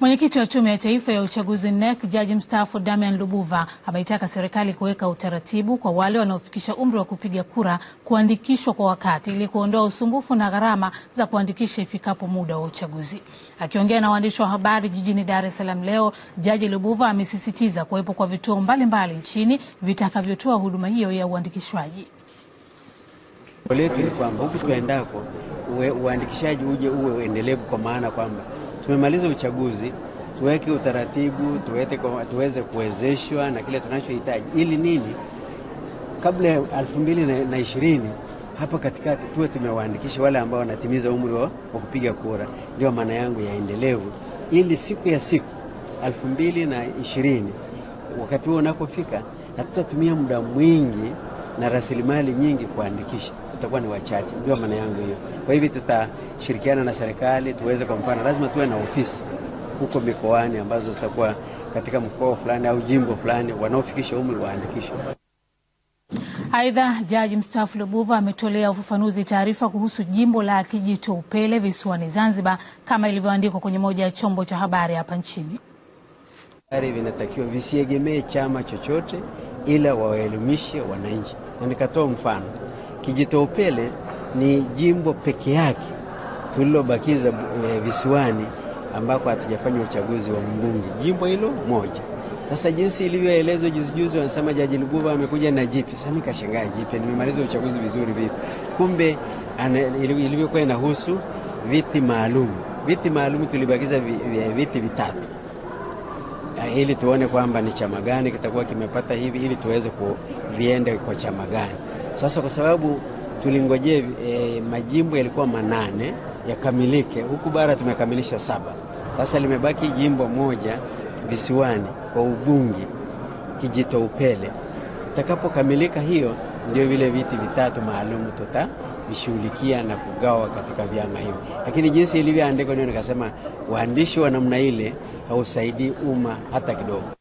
Mwenyekiti wa Tume ya Taifa ya Uchaguzi NEC, Jaji mstaafu Damian Lubuva ameitaka serikali kuweka utaratibu kwa wale wanaofikisha umri wa kupiga kura kuandikishwa kwa wakati ili kuondoa usumbufu na gharama za kuandikisha ifikapo muda wa uchaguzi. Akiongea na waandishi wa habari jijini Dar es Salaam leo, Jaji Lubuva amesisitiza kuwepo kwa vituo mbalimbali mbali nchini vitakavyotoa huduma hiyo ya uandikishwaji Kwa ni kwamba huku uandikishaji uje uwe endelevu, kwa maana kwamba tumemaliza uchaguzi, tuweke utaratibu, tuweze kuwezeshwa na kile tunachohitaji, ili nini, kabla ya elfu mbili na ishirini hapa katikati tuwe tumewaandikisha wale ambao wanatimiza umri wa kupiga kura. Ndio maana yangu ya endelevu, ili siku ya siku elfu mbili na ishirini wakati huo unapofika, hatutatumia muda mwingi na rasilimali nyingi kuandikisha, tutakuwa ni wachache, ndio maana yangu hiyo. Kwa hivyo tutashirikiana na serikali tuweze, kwa mfano, lazima tuwe na ofisi huko mikoani ambazo zitakuwa katika mkoa fulani au jimbo fulani, wanaofikisha umri waandikishwe. Aidha, jaji mstaafu Lubuva ametolea ufafanuzi taarifa kuhusu jimbo la kijito upele visiwani Zanzibar kama ilivyoandikwa kwenye moja ya chombo cha habari hapa nchini. Habari vinatakiwa visiegemee chama chochote, ila wawaelimishe wananchi, na nikatoa mfano kijitoupele ni jimbo peke yake tulilobakiza e, visiwani ambako hatujafanya uchaguzi wa mbunge, jimbo hilo moja. Sasa jinsi ilivyoelezwa juzi juzi, wanasema Jaji Luguva amekuja na jipi. Sasa nikashangaa, jipi, Nimemaliza uchaguzi vizuri vipi? Kumbe ilivyokuwa inahusu viti maalum, viti maalum tulibakiza viti vitatu Eh, ili tuone kwamba ni chama gani kitakuwa kimepata hivi, ili tuweze kuviende kwa chama gani. Sasa kwa sababu tulingojea e, eh, majimbo yalikuwa manane yakamilike, huku bara tumekamilisha saba. Sasa limebaki jimbo moja visiwani kwa Ubungi, Kijito Upele. Itakapokamilika hiyo, ndio vile viti vitatu maalum tuta kushughulikia na kugawa katika vyama hivyo, lakini jinsi ilivyoandikwa ndio nikasema, waandishi wa namna ile hausaidii umma hata kidogo.